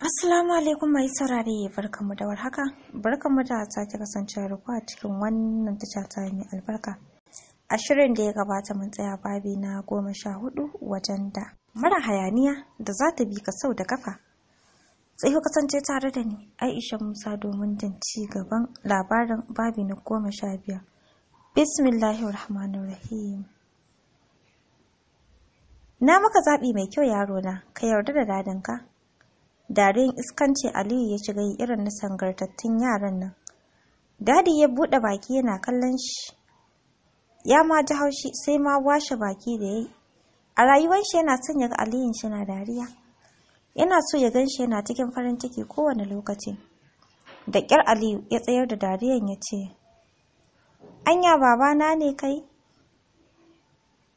Assalamu alaikum mai saurare barkamu da warhaka barkamu da sake kasancewa da ku a cikin wannan tasha ta mai albarka a shirin da ya gabata mun tsaya babi na goma sha hudu wajen da mara hayaniya da za ta bi ka sau da kafa sai ku kasance tare da ni Aisha Musa domin jin ci gaban labarin babi na goma sha biyar Bismillahirrahmanirrahim Na maka zaɓi mai kyau yaro na. ka yarda da dadinka, dariyan iskanci aliyu ya shiga yi irin na sangartattun yaran nan dadi ya buɗe baki yana kallon shi ya ma ji haushi sai ma washe baki da yayi a rayuwar shi yana son ya ga Aliyu shi na dariya yana so ya gan shi yana cikin farin ciki kowane lokaci da kyar aliyu ya tsayar da dariyan ya ce anya babana ne kai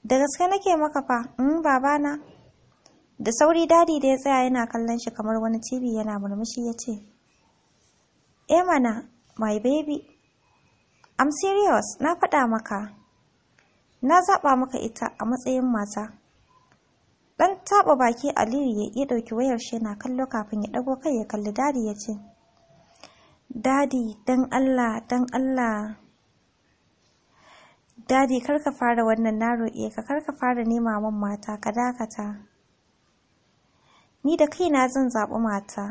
da gaske nake maka fa in mm, babana da sauri dadi da ya tsaya yana kallon shi kamar wani tv yana murmushi ya ce eh mana my baby i'm serious na faɗa maka na zaɓa maka ita a matsayin mata ɗan taɓa baki aliyu ya ɗauki wayar shi yana kallo kafin ya ɗago kai ya kalli dadi ya ce dadi dan allah dan allah dadi kar fara wannan na roƙe ka kar ka fara nema min mata ka dakata Ni da kaina zan zaɓi mata,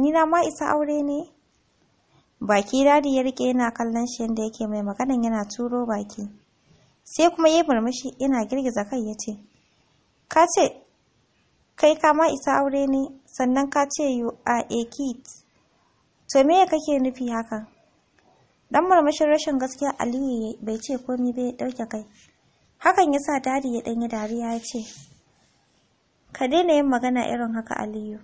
ni na ma isa aure ne? Baki dadi ya rike yana kallon shi yadda yake mai maganan yana turo baki. Sai kuma ya murmushi yana girgiza kai ya ce, Ka ce, kai ka ma isa aure ne, sannan ka ce you a ekit. To me kake nufi hakan? Dan murmushin rashin gaskiya Aliyu bai ce komai bai dauke kai. Hakan ya sa dadi ya ɗanyi dariya ya ce, Ka daina yin magana irin haka Aliyu.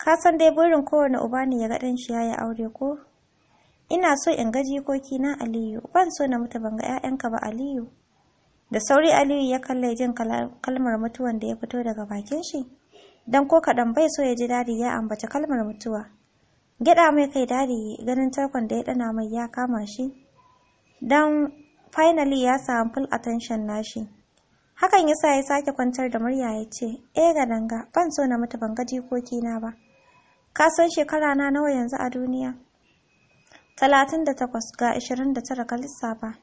Ka san dai burin kowane uba ne ya ga ɗan shi yayi aure ko? Ina so in ga jikoki na Aliyu, ban so na mutu ban ga 'ya'yanka ba Aliyu. Da sauri Aliyu ya kalle jin kalmar mutuwan da ya fito daga bakin shi, don ko kaɗan bai so ya ji dadi ya ambaci kalmar mutuwa. Gyaɗa mai kai dadi ganin tarkon da ya ɗana mai ya kama shi, don finally ya samu full attention nashi. Hakan ya sa ya sake kwantar da murya ya ce, "E gadanga, ban so na mutu ban ga jikokina ba. Ka san shekara na nawa yanzu a duniya?" Talatin da takwas ga ashirin da tara kalissa lissafa.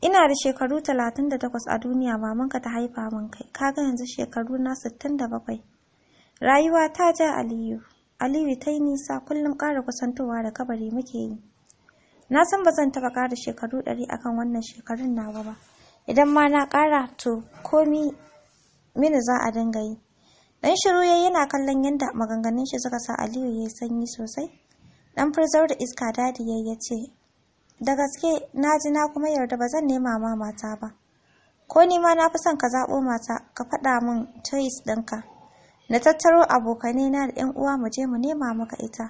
Ina da shekaru talatin da takwas a duniya mamanka ta haifa min kai, Ka ga yanzu shekaru na sittin da bakwai. Rayuwa ta ja Aliyu. Aliyu ta yi nisa kullum ƙara kusantowa da kabari muke yi. Na san ba zan taɓa ƙara shekaru ɗari akan wannan shekarun nawa ba. idan ma na ƙara to komi mini za a dinga yi dan shiru yayi yana kallon yanda maganganun shi suka sa aliyu yayi sanyi sosai dan furzar da iska dadi yayi yace da gaske na ji na kuma yarda ba zan nema ma mata ba ko ni ma na fi son ka zaɓo mata ka faɗa min choice ɗinka na tattaro abokanai na da 'yan uwa mu je mu nema maka ita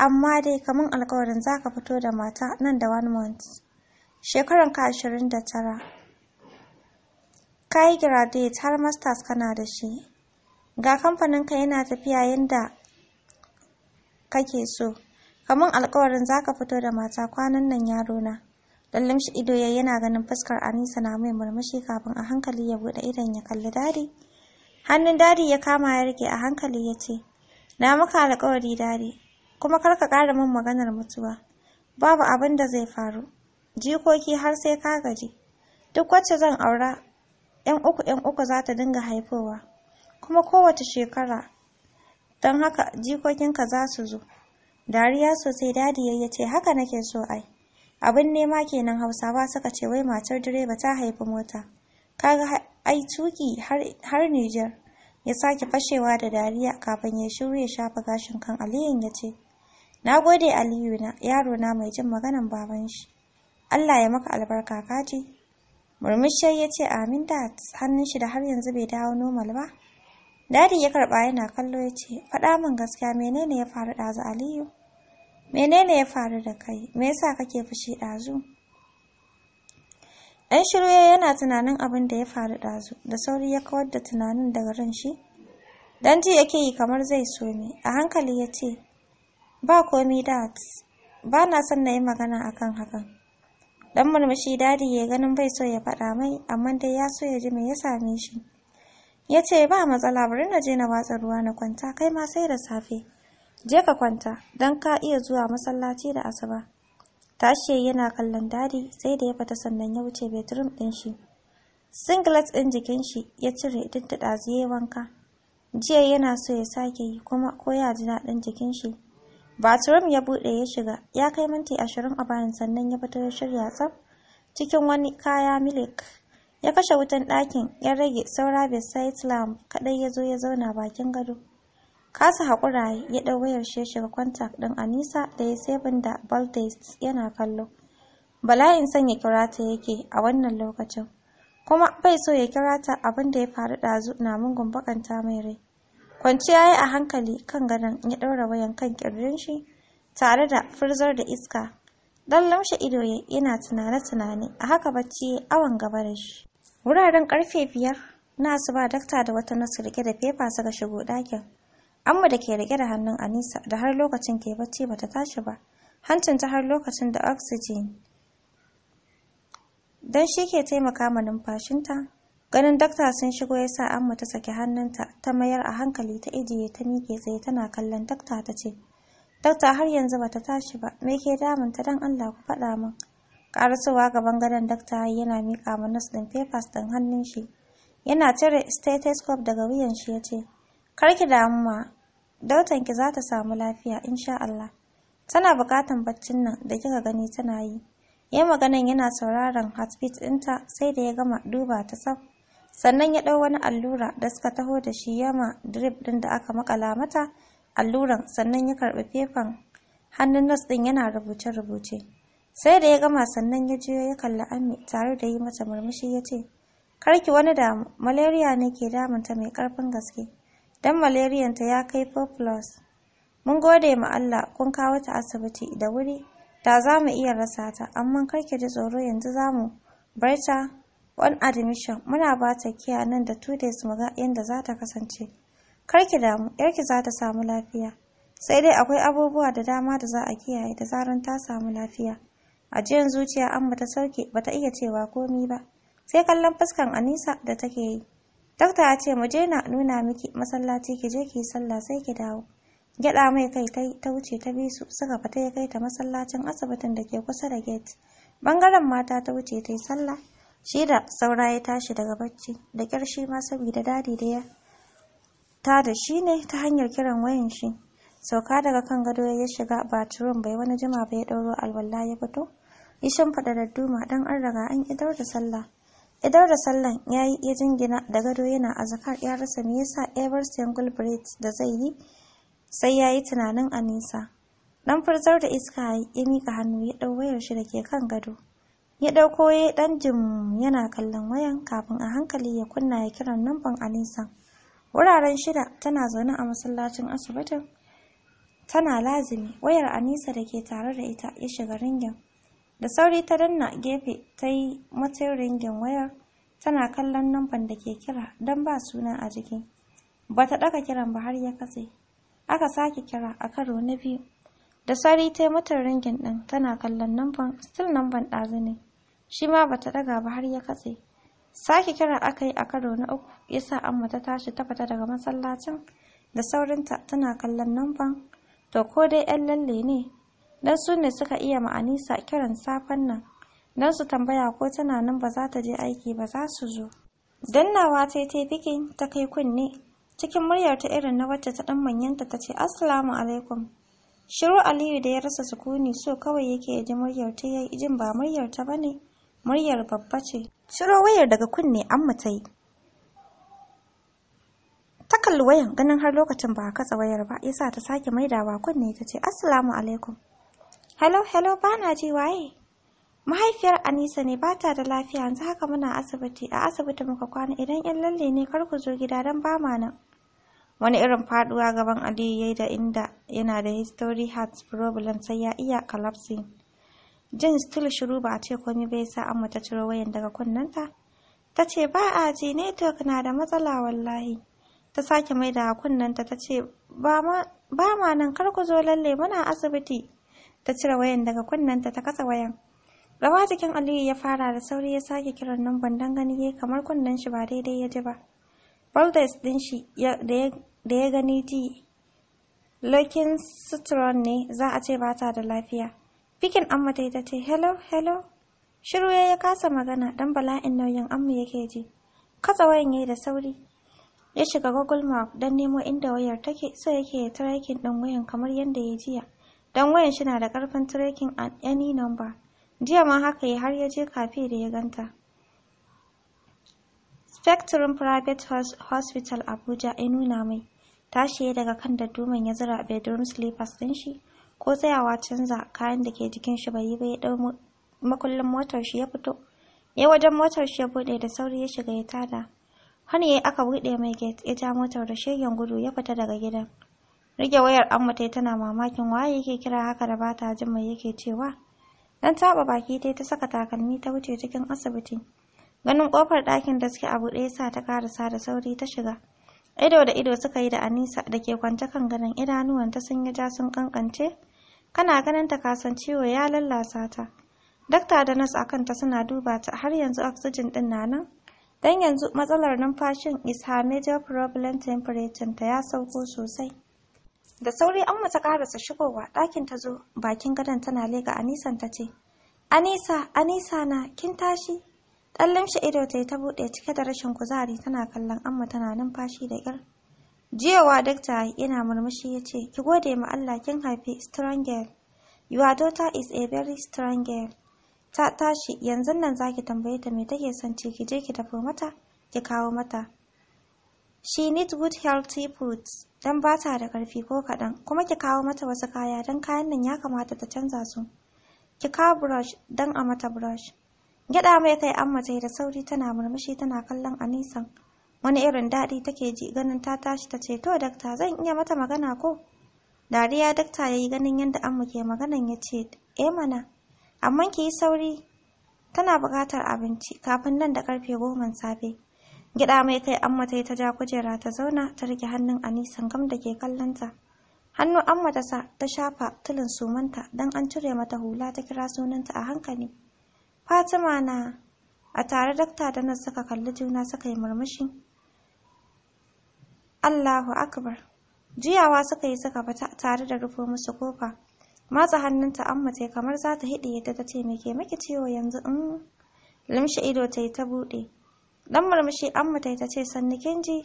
amma dai kamar alƙawarin za ka fito da mata nan da one month shekaran ka ashirin da tara ka yi graduate har masters kana da shi ga kamfaninka yana tafiya yadda kake so kamar alkawarin za ka fito da mata kwanan nan yaro na lallum shi ido ya yana ganin fuskar anisa na mai murmushi kafin a hankali ya bude idan ya kalli dadi hannun dadi ya kama ya rike a hankali ya ce na maka alkawari dadi kuma kar ka kara min maganar mutuwa babu abin da zai faru jikoki har sai ka gaji duk wacce zan aura 'yan uku 'yan uku za ta dinga haifowa kuma kowace shekara don haka jikokinka za su zo dariya sosai dadi ya ce haka nake so ai abin nema kenan hausawa suka ce wai matar direba ta haifi mota kaga ai tuki har Nijar ya sake fashewa da dariya kafin ya shiru ya shafa gashin kan Aliyun ya ce na gode Aliyu na yaro na mai jin maganan baban shi Allah ya maka albarka kaji murmushi ya ce amin da hannun shi da har yanzu bai dawo nomal ba dadi ya karba yana kallo ya ce faɗa min gaskiya menene ya faru ɗazu aliyu menene ya faru da kai me yasa kake fushi ɗazu ɗan shiru ya yana tunanin abin da ya faru ɗazu da sauri ya kawar da tunanin daga ran shi dan ji yake yi kamar zai so ni a hankali ya ce ba komi da ba na son na yi magana akan hakan dan murmushi dadi ya ganin bai so ya faɗa mai amma dai ya so ya ji me ya same shi ya ce ba matsala bari na je na watsa ruwa na kwanta kai ma sai da safe je ka kwanta don ka iya zuwa masallaci da asuba tashi yana kallon dadi sai da ya fita sannan ya wuce bedroom ɗin shi singlet ɗin jikin shi ya cire duk da wanka jiya yana so ya sake yi kuma ko ya ji daɗin jikin shi Baturum ya bude ya shiga, ya kai minti ashirin a bayan sannan ya fito ya shirya tsaf cikin wani kaya milik. Ya kashe wutan ɗakin, ya rage saura beside lamp kaɗai ya zo ya zauna bakin gado. Kasa haƙura ya ɗau wayar shi ya shiga kwantak ɗin Anisa da ya sabon da Baltist yana kallo. Bala'in sanya ya kira ta yake a wannan lokacin. Kuma bai so ya kira ta abin da ya faru ɗazu na mungun bakanta mai rai. kwanciya ya yi a hankali kan gadon ya ɗaura wayan kan ƙirjin shi tare da furzar da iska don lamshe ido yana tunane-tunane a haka bacci awon gaba da shi wuraren karfe biyar na su ba dakta da wata nasu rike da fefa suka shigo ɗakin mu da ke rike da hannun anisa da har lokacin ke bacci ba ta tashi ba hancin ta har lokacin da oxygen don shi ke taimaka ma numfashinta Ganin dakta sun shigo ya sa Amma ta saki hannunta ta mayar a hankali ta ijiye ta miƙe tsaye tana kallon dakta ta ce, Dakta har yanzu bata tashi ba, me ke damun ta dan Allah ku faɗa min. Karasowa gaban gadon dakta yana miƙa ma nas ɗin papers ɗin hannun shi. Yana cire stethoscope daga wuyan shi ya ce, Kar ki damu ma, dautanki za ta samu lafiya insha Allah. Tana buƙatan baccin nan da kika gani tana yi. Ya maganan yana sauraron heartbeat ɗinta sai da ya gama duba ta tsaf. sannan ya ɗau wani allura da suka taho da shi yama drip ɗin da aka makala mata alluran sannan ya karɓi fefan hannun nas ɗin yana rubuce-rubuce sai da ya gama sannan ya juyo ya kalli ami tare da yi mata murmushi ya ce karki wani damu malaria ne ke damunta mai karfin gaske don malarian ta ya kai 4 mun gode ma Allah kun kawo ta asibiti da wuri da za mu iya rasa ta amma karki ji tsoro yanzu za mu bar ta on admission muna ba ta kiya nan da two days mu ga yadda za ta kasance kar ki damu yarki za ta samu lafiya sai dai akwai abubuwa da dama da za a kiyaye da zaran ta samu lafiya A ajiyan zuciya amma ta sauke bata iya cewa komi ba sai kallon fuskan anisa da take yi dakta ya ce mu je na nuna miki masallaci ki je ki sallah sai ki dawo Gyaɗa mai kai tai ta wuce ta bi su suka fita ya kai ta masallacin asibitin da ke kusa da gate bangaren mata ta wuce ta yi sallah shi da saura ya tashi daga bacci da kyar shi ma saboda dadi da ya ta da shi ne ta hanyar kiran wayan shi sauka daga kan gado ya shiga bathroom bai wani jima ba ya ɗauro alwala ya fito ishan faɗa da duma dan an riga an idar da sallah idar da sallan ya yi ya jingina da gado yana zakar ya rasa me yasa ever single breath da zai yi sai ya yi tunanin anisa dan furzar da iska ya mika hannu ya dau wayar shi da ke kan gado ya ɗauko ya ɗan jim yana kallon wayan kafin a hankali ya kunna ya kiran numban alinsa wuraren shida tana zaune a masallacin asibitin tana lazimi wayar anisa da ke tare da ita ya shiga ringin da sauri ta danna gefe ta yi matsayin ringin wayar tana kallon numban da ke kira don ba suna a jiki ba ta ɗaga kiran ba har ya katse aka sake kira a karo na biyu da sauri ta yi mata ringin ɗin tana kallon numban, still numban ɗazu ne shi ma bata daga ba har ya katse sake kiran aka yi a karo na uku ya sa amma ta tashi ta fita daga masallacin da saurinta tana kallon numfan to ko dai yan lalle ne dan su ne suka iya ma'anisa kiran safen nan dan su tambaya ko tana nan ba za ta je aiki ba za su zo dannawa ta yi bikin ta kai kunne cikin muryar ta irin na wacce ta dan manyanta ta ce assalamu alaikum shiru aliyu da ya rasa sukuni so kawai yake ya ji muryar ta yayi jin ba muryar ta bane muryar babba ce ciro wayar daga kunne an ta ta kalli wayan ganin har lokacin ba a katsa wayar ba yasa ta sake maidawa kunne ta ce assalamu alaikum hello hello bana ji waye mahaifiyar anisa ne ba ta da lafiya yanzu haka muna asibiti a asibiti muka kwana idan yan lalle ne kar ku zo gida don ba ma nan wani irin faduwa gaban aliyu yayi da inda yana da history heart problem sai ya iya collapsing jin still shiru ba a ce komi bai sa amma ta ciro wayan daga kunnenta ta ce ba a ji network na da matsala wallahi ta sake mai da kunnenta ta ce ba ma nan kar ku zo lalle muna asibiti ta cire wayan daga kunnenta ta kasa wayan rawa jikin aliyu ya fara da sauri ya sake kiran numban don gani ya kamar kunnen shi ba daidai ya ji ba boldes din shi da ya gani ji lokin sutron ne za a ce ba ta da lafiya Fikin amma ta ta ce, Hello, hello. Shiru ya ya kasa magana don bala'in nauyin amma yake ji. Katsa wayan yayi da sauri. Ya shiga Google Map don nemo inda wayar take so yake ya tracking ɗin wayan kamar yadda ya jiya. Don wayan shi na da ƙarfin tracking at any number. Jiya ma haka yi har ya je kafe da ya ganta. Spectrum Private Hospital Abuja ya nuna mai. Tashi daga kan daduman ya zira bedroom slippers ɗin shi. ko tsayawa canza kayan da ke jikin shi bai yi ba ya ɗau makullin motar shi ya fito ya wajen motar shi ya buɗe da sauri ya shiga ya tada har yayi aka buɗe mai gate ya ja motar da shegen gudu ya fita daga gidan rike wayar amma tai tana mamakin waye yake kira haka da bata jin mai yake cewa dan taba baki tai ta saka takalmi ta wuce cikin asibiti ganin kofar ɗakin da suke a buɗe sa ta karasa da sauri ta shiga ido da ido suka yi da anisa da ke kwance kan ganin idanuwanta sun yi ja sun kankance kana ganin ta kasan ciwo ya lallasa ta dakta da nas akan ta suna duba ta har yanzu oxygen din na nan dan yanzu matsalar numfashin is her major problem temperature ta ya sauko sosai da sauri an mata karasa shigowa ɗakin ta zo bakin gadon tana lega Anisa ta ce anisa anisa na kin tashi Ɗan limshi ido ta yi ta buɗe cike da rashin kuzari tana kallon amma tana numfashi da ƙyar Jiyawa dakta yana murmushi ya ce, Ki gode ma Allah kin haifi strong girl. Your daughter is a very strong girl. Ta tashi yanzu nan za ki tambaye ta me take son ci ki je ki tafi mata ki kawo mata. She needs good healthy foods don ba ta da karfi ko kaɗan kuma ki kawo mata wasu kaya dan kayan nan ya kamata ta canza su. Ki kawo brush dan a mata brush. gyada mai kai ta yi da sauri tana murmushi tana kallon Anisan. wani irin daɗi take ji ganin ta tashi ta ce to dakta zan iya mata magana ko dariya dakta ya yi ganin yadda amma ke maganan ya ce e mana amma ki yi sauri tana buƙatar abinci kafin nan da karfe goman safe gida mai kai amma ta yi ta ja kujera ta zauna ta rike hannun anisan gam da ke kallonta hannu amma ta sa ta shafa tulin sumanta don an cire mata hula ta kira sunanta a hankali fatima na a tare dakta da nan suka kalli juna suka yi murmushi Allahu Akbar. jiyawa suka yi suka fita tare da rufo musu kofa. Matsa hannunta amma ta kamar za ta hiɗe yadda ta ce ke miki ciwo yanzu in mm. limshi ido ta yi ta buɗe. Dan murmushi amma ta ce sannu kin ji.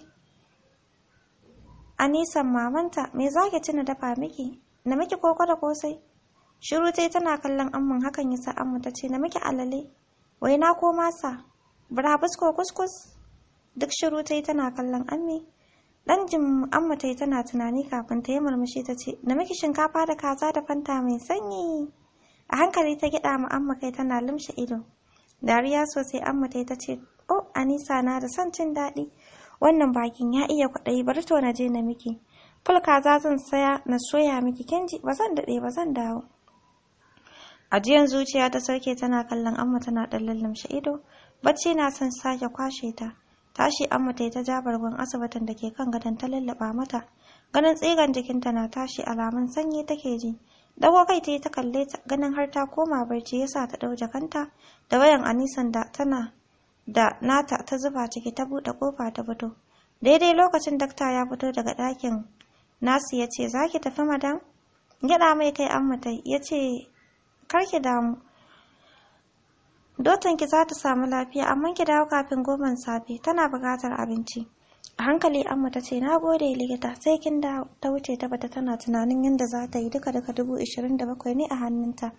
Anisan mamanta me za ki tuna dafa miki? Na miki koko da kosai? Shiru ta tana kallon amman hakan ya sa amma ta ce na miki alale. Wai na ko masa? Bura ko kuskus? Duk shiru ta tana kallon ammi. Dan jin amma ta tana tunani kafin ta yi murmushi ta ce, "Na miki shinkafa da kaza da fanta mai sanyi." A hankali ta gida ma amma kai tana lumshe ido. Dariya sosai amma ta yi ta ce, "Oh, Anisa na da son cin daɗi. Wannan bakin ya iya kwaɗayi bari to na je na miki. Ful kaza zan saya na soya miki kinji ba zan daɗe ba zan dawo." Ajiyan zuciya ta Sarki tana kallon amma tana ɗan lallumshe ido. Bacci na son sake kwashe ta. tashi amma ta yi ta ja bargon asibitin da ke kan gadon ta lallaba mata ganin tsigan jikinta na tashi alamun sanyi take ji dago kai ta yi ta kalle ta ganin har ta koma barci ya sa ta ɗau jakanta da wayan anisan da tana da nata ta zuba ciki ta buɗe kofa ta fito daidai lokacin dakta ya fito daga ɗakin nasu ya ce za ki tafi madam gyaɗa mai kai amma ta ya ce kar ki damu dotan ki za ta samu lafiya amma ki dawo kafin goman safe tana buƙatar abinci a hankali amma ta ce na gode likita sai kin da ta wuce ta bata tana tunanin yadda za ta yi duka duka dubu ishirin da bakwai ne a hannunta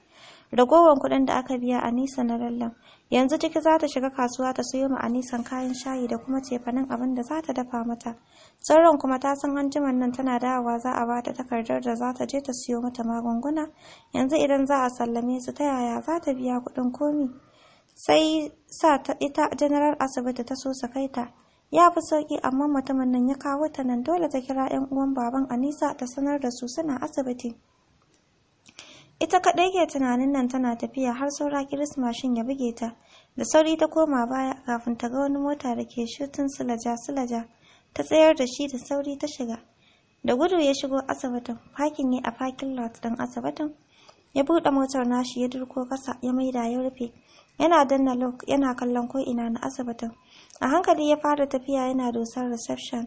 ragowar kuɗin da aka biya anisa na lallan yanzu ciki za ta shiga kasuwa ta siyo ma anisan kayan shayi da kuma cefanen abin da za ta dafa mata sauran kuma ta san hanjiman nan tana dawowa za a bata takardar da za ta je ta siyo mata magunguna yanzu idan za a sallame su ta yaya za ta biya kuɗin komi sai sa ta ita janaral asibiti ta so kai ta ya fi sauki amma mutumin nan ya kawo ta nan dole ta kira yan uwan baban anisa ta sanar da su suna asibiti ita kadai ke tunanin nan tana tafiya har saura kirismashin ya buge ta da sauri ta koma baya kafin ta ga wani mota da ke shutin silaja silaja ta tsayar da shi da sauri ta shiga da gudu ya shigo asibitin fakin ne a fakin lot ɗin asibitin ya buɗe motar nashi ya durko kasa ya maida ya rufe yana danna lok, yana kallon ko ina na asibitin a hankali ya fara tafiya yana dosar reception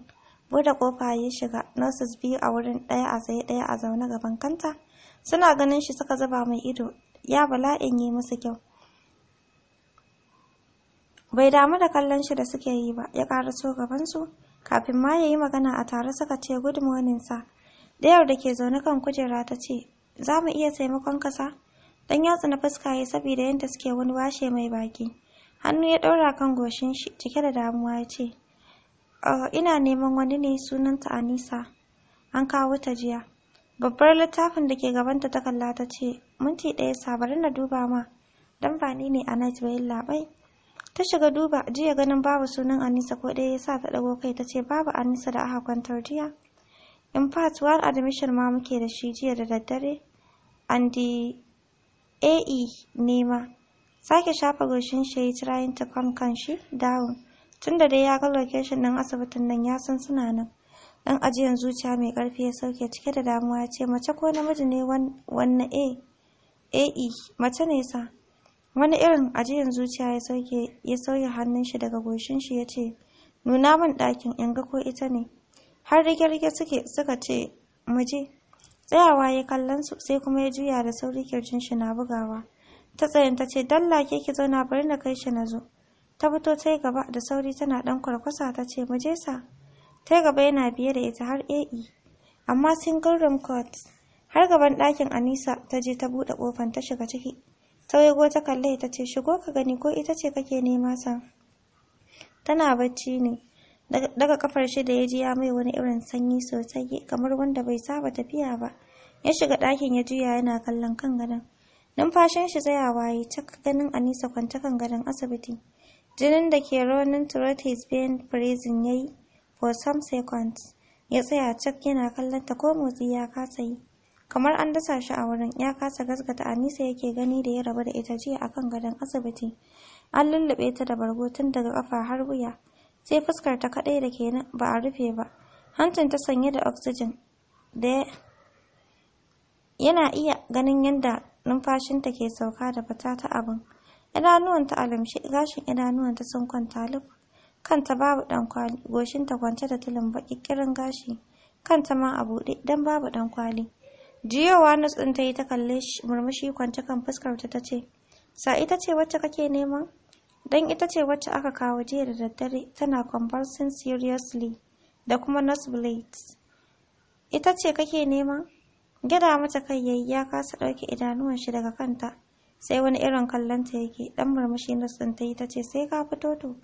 bude kofa ya shiga nurses biyu a wurin ɗaya a tsaye ɗaya a zaune gaban kanta suna ganin shi suka zuba mai ido ya bala'in yi musu kyau bai damu da kallon shi da suke yi ba ya so gabansu kafin ma ya yi magana a tare suka ce good morning sa ɗayar da ke zaune kan kujera ta ce za mu iya taimakon kasa dan yatsa na fuska ya saboda yadda suke wani washe mai baki hannu ya ɗaura kan goshin shi cike da damuwa ya ce oh, ina neman wani ne sunanta anisa an kawo ta jiya babbar littafin da ke gabanta ta kalla ta ce minti ɗaya sabarin na duba ma dan ba ne a night bayan labai ta shiga duba jiya ganin babu sunan anisa ko ɗaya ya sa ta ɗago kai ta ce babu anisa da aka kwantar jiya in fact one admission ma muke da shi jiya da daddare Andy A.E. nema. Sake shafa goshin shi trying to kan shi down. Tun da dai ya ga location din asibitin nan ya san suna nan. Yan ajiyan zuciya mai karfi ya sauke cike da damuwa ya ce mace ko namiji ne wanne A. A.E. mace ne sa. Wani irin ajiyan zuciya ya sauke ya sauya hannun shi daga goshin shi ya ce nuna min ɗakin in ga ko ita ne. Har rige-rige suke suka ce mu tsayawa ya kallon su sai kuma ya juya da sauri kirjin shi na bugawa ta tsayin ta ce dalla ke ki zauna bari na kai shi na zo ta fito ta yi gaba da sauri tana dan kwarkwasa ta ce mu je sa ta yi gaba yana biye da ita har ae amma single room court har gaban ɗakin anisa ta je ta buɗe ƙofan ta shiga ciki ta waigo ta kalle ta ce shigo ka gani ko ita ce kake nema sa tana bacci ne daga kafar shi da ya ji ya mai wani irin sanyi sosai kamar wanda bai saba tafiya ba ya shiga ɗakin ya juya yana kallon kan gadon numfashin shi tsayawa waye cak ganin anisa kwanta kan gadon asibiti jinin da ke Ronin throat his vein freezing ya yi for some seconds ya tsaya cak yana kallon ta ko motsi ya kasa yi kamar an dasa shi a wurin ya kasa gaskata anisa yake gani da ya rabu da ita jiya akan gadon asibiti an lullube ta da bargo tun daga kafa har wuya sai fuskar ta kaɗai da ke ba a rufe ba hancin ta sanye da oxygen da yana iya ganin yadda numfashinta ke sauka da fata ta abin idanuwanta alamshi gashin idanuwanta sun kwanta luf kanta babu goshin ta kwance da tulin baƙiƙirin gashi kanta ma a buɗe don babu ɗankwali jiyowa na ta yi ta kalle murmushi kwance kan fuskarta ta ce sa ita ce wacce kake neman don ita ce wacce aka kawo jiya da daddare tana convulsing seriously da kuma nurse blades ita ce kake nema Gida mata kai yayi ya kasa dauke idanuwan shi daga kanta sai wani irin kallonta yake dan murmushi na ɗin ta yi ta ce sai ka fito to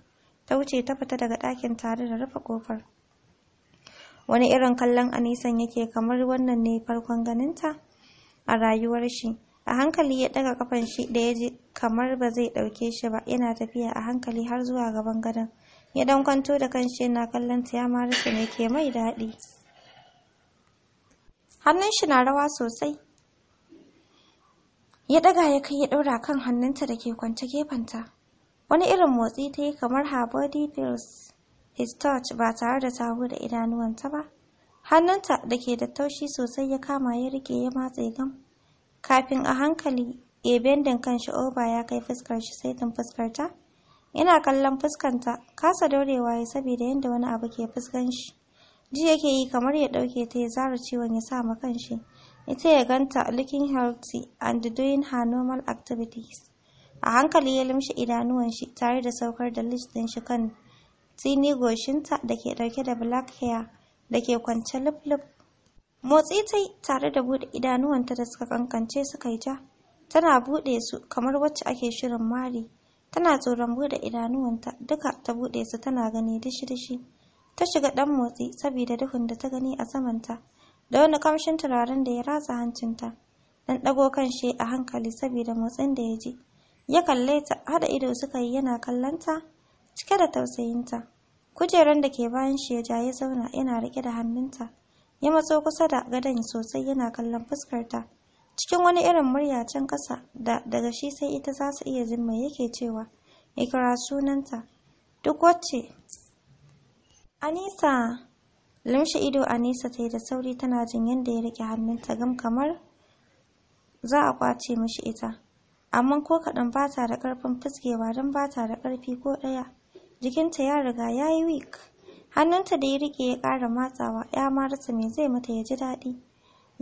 ta wuce ta fita daga ɗakin tare da rufe kofar wani irin kallon anisan yake kamar wannan ne farkon ganinta a rayuwar shi a hankali ya daga kafan shi da ya je kamar ba zai ɗauke shi ba yana tafiya a hankali har zuwa gaban gadon ya dan kwanto da kanshi na kallon ta ya marasa ne ke mai daɗi hannun shi na rawa sosai ya ɗaga ya kai ya ɗaura kan hannunta da ke kwanta gefenta wani irin motsi ta yi kamar her body feels his touch ba tare da ta da idanuwanta ba hannunta da ke da taushi sosai ya kama ya rike ya matse gam kafin a hankali ya eh, bendin kanshi oba ya kai fuskar shi saitin fuskar ta yana kallon fuskanta kasa daurewa ya saboda yadda wani abu ke fuskan shi ji yake yi kamar ya dauke ta ya zara ciwon ya sa ma kan shi, ita ya ganta looking healthy and doing her normal activities a hankali ya limshi idanuwan shi tare da saukar da listin din shi kan tsini goshinta da ke dauke da black hair da ke kwance lip-lip motsi ta tare da buɗe idanuwanta da suka kankance suka yi ja tana buɗe su kamar wacce ake shirin mari tana tsoron bude idanuwanta duka ta buɗe su tana gani dishi-dishi ta shiga ɗan motsi saboda duhun da ta gani a samanta da wani kamshin turaren da ya ratsa hancinta dan ɗago kan shi a hankali saboda motsin da ya ji ya kalle ta haɗa ido suka yi yana kallonta cike da tausayinta kujeran da ke bayan shi ya ja ya zauna yana rike da hannunta ya matso kusa da gadon sosai yana kallon fuskarta cikin wani irin murya can ƙasa da daga shi sai ita za su iya jin mai yake cewa ya kira sunanta duk wacce anisa lamshi ido anisa ta yi da sauri tana jin yadda ya rike hannunta gam kamar za a kwace mashi ita amma ko kaɗan ba ta da ƙarfin fuskewa don ba ta da ƙarfi ko ɗaya jikinta ya riga ya yi wik hannunta da ya rike ya ƙara matsawa ya marasa mai me zai mata ya ji daɗi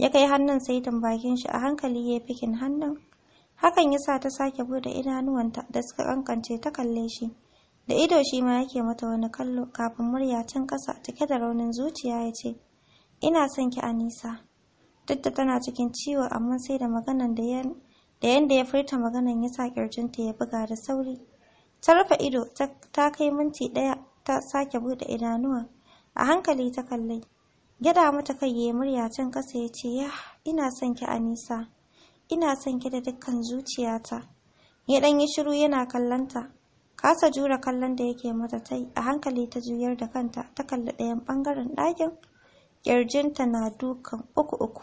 ya kai hannun saitin bakin shi a hankali ya fikin hannun hakan ya sa ta sake bude idanuwanta da suka kankance ta kalle shi da ido shi ma yake mata wani kallo kafin murya can ƙasa cike da raunin zuciya ya ce ina son ki anisa duk da tana cikin ciwo amma sai da maganan da da yanda ya furta maganan ya sa kirjinta ya buga da sauri ta rufe ido ta kai minti ɗaya ta sake bude idanuwa a hankali ta kalle Gyada mata kai ya murya can ƙasa ya ce, "Ya, ina son ki Anisa, ina son ki da dukkan zuciyata." Ya dan yi shiru yana kallonta, kasa jura kallon da yake mata tai, a hankali ta juyar da kanta ta kalli ɗayan bangaren ɗakin, ƙirjinta na dukan uku-uku.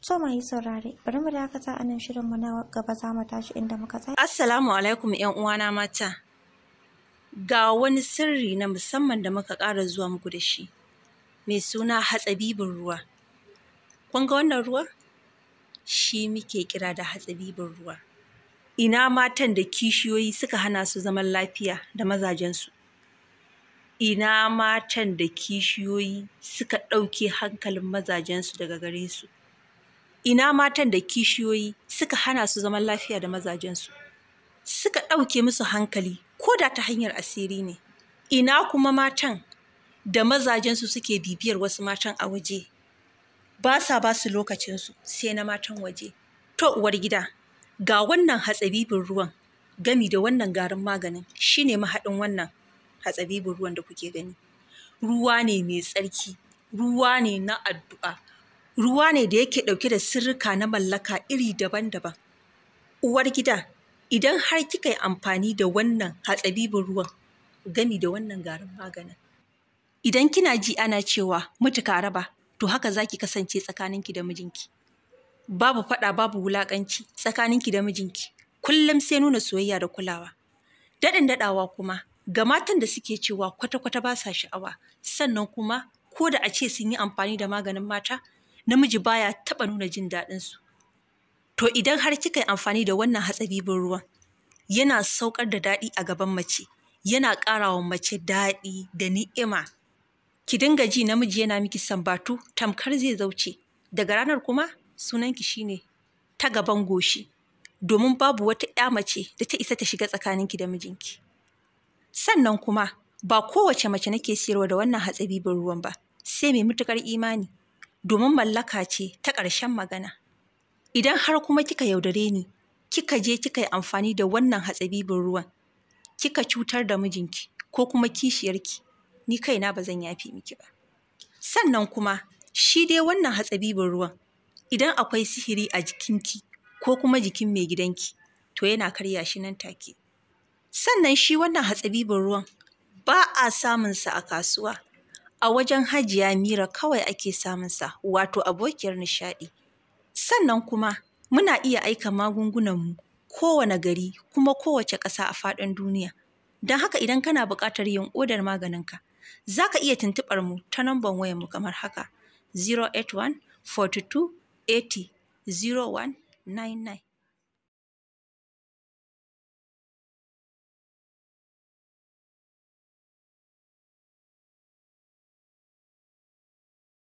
So mai saurare, bari mu dakata a nan shirin mu na gaba za mu tashi inda muka tsaya. Assalamu alaikum 'yan uwana mata. Ga wani sirri na musamman da muka ƙara zuwa muku da shi. mai suna hatsabibin ruwa. Kun ga wannan ruwan? Shi muke kira da hatsabibin ruwa. Ina matan da kishiyoyi suka hana su zaman lafiya da mazajensu? Ina matan da kishiyoyi suka ɗauke hankalin mazajensu daga gare su? Ina matan da kishiyoyi suka hana su zaman lafiya da mazajensu? Suka ɗauke musu hankali ko da ta hanyar asiri ne. Ina kuma matan da mazajensu suke bibiyar wasu matan a waje ba sa ba su lokacinsu sai na matan waje to uwar gida ga wannan hatsabibin ruwan gami da wannan garin maganin shine mahaɗin wannan hatsabibin ruwan da kuke gani ruwa ne mai tsarki ruwa ne na addu'a ruwa ne da yake ɗauke da sirrika na mallaka iri daban-daban uwar gida idan har kika yi amfani da wannan hatsabibin ruwan gami da wannan garin maganin Idan kina ji ana cewa mutu ka raba, to haka za ki kasance tsakaninki da mijinki. Babu faɗa babu wulaƙanci tsakaninki da mijinki, kullum sai nuna soyayya da kulawa. Daɗin daɗawa kuma ga matan da suke cewa kwata-kwata ba sa sha'awa, sannan kuma ko da a ce sun yi amfani da maganin mata, namiji baya taɓa nuna jin su To idan har kika yi amfani da wannan bin ruwan, yana saukar da daɗi a gaban mace, yana ƙara wa mace daɗi da ni'ima ki dinga ji namiji yana miki sambatu tamkar zai zauce daga ranar kuma sunanki shine ta gaban goshi domin babu wata ya mace da ta isa ta shiga tsakaninki da mijinki sannan kuma ba kowace mace nake siyarwa da wannan hatsabibin ruwan ba sai mai mutukar imani domin mallaka ce ta ƙarshen magana idan har kuma kika yaudare ni kika je kika yi amfani da wannan hatsabibin ruwan kika cutar da mijinki ko kuma kishiyarki ni kaina ba zan yafe miki ba sannan kuma shi dai wannan hatsabibin ruwan idan akwai sihiri a jikinki ko kuma jikin mai gidanki to yana karya shi nan take sannan shi wannan hatsabibin ruwan ba a samunsa a kasuwa a wajen hajiya mira kawai ake samunsa wato abokiyar nishaɗi sannan kuma muna iya aika magungunan mu kowane gari kuma kowace ƙasa a faɗin duniya don haka idan kana buƙatar yin odar maganinka Za ka iya tuntuɓar mu ta nambar wayar mu kamar haka 081 42 80 99